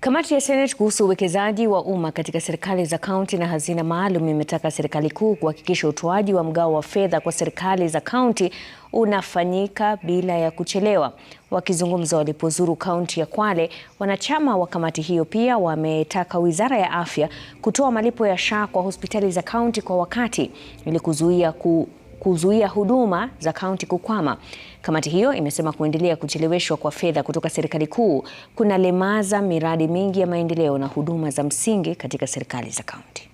Kamati ya Seneti kuhusu uwekezaji wa umma katika serikali za kaunti na hazina maalum imetaka serikali kuu kuhakikisha utoaji wa mgao wa fedha kwa serikali za kaunti unafanyika bila ya kuchelewa. Wakizungumza walipozuru kaunti ya Kwale, wanachama wa kamati hiyo pia wametaka Wizara ya Afya kutoa malipo ya SHA kwa hospitali za kaunti kwa wakati ili kuzuia ku kuzuia huduma za kaunti kukwama. Kamati hiyo imesema kuendelea kucheleweshwa kwa fedha kutoka serikali kuu kunalemaza miradi mingi ya maendeleo na huduma za msingi katika serikali za kaunti.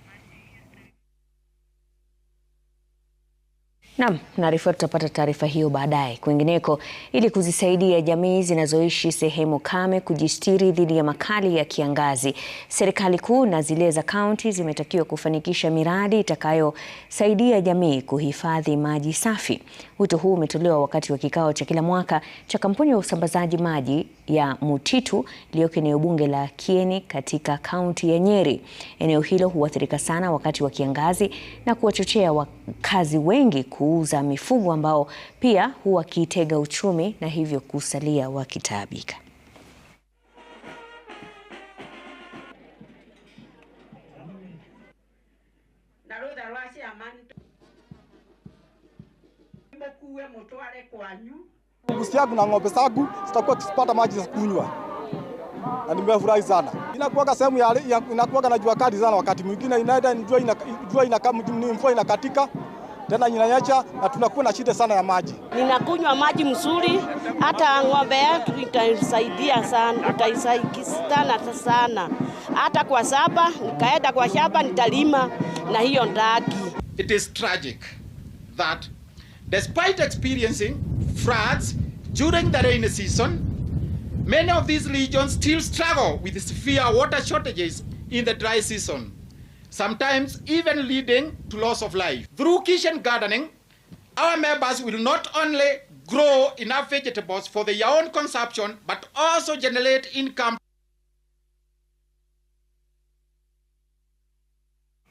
Naam, naarifiwa tutapata taarifa hiyo baadaye. Kwingineko, ili kuzisaidia jamii zinazoishi sehemu kame kujistiri dhidi ya makali ya kiangazi, serikali kuu na zile za kaunti zimetakiwa kufanikisha miradi itakayosaidia jamii kuhifadhi maji safi. Wito huu umetolewa wakati wa kikao cha kila mwaka cha kampuni ya usambazaji maji ya Mutitu iliyoko eneo bunge la Kieni katika kaunti ya Nyeri. Eneo hilo huathirika sana wakati wa kiangazi na kuwachochea wakazi wengi ku kuuza mifugo ambao pia huwa wakiitega uchumi na hivyo kusalia wakitaabika. Mbuzi yangu na ng'ombe zangu zitakuwa tukipata maji za kunywa, na nimefurahi sana. Inakuwaga sehemu ya inakuwaga na jua kali sana, wakati mwingine inaenda jua inakaa, mvua inakatika tena inanyacha na tunakuwa na shida sana ya maji. Ninakunywa maji mzuri, hata ng'ombe yetu itaisaidia sana, itaisaidisana sana. Hata kwa saba nikaenda kwa shamba nitalima na hiyo ndaki. It is tragic that despite experiencing floods during the rainy season many of these regions still struggle with severe water shortages in the dry season sometimes even leading to loss of life. Through kitchen gardening, our members will not only grow enough vegetables for their own consumption, but also generate income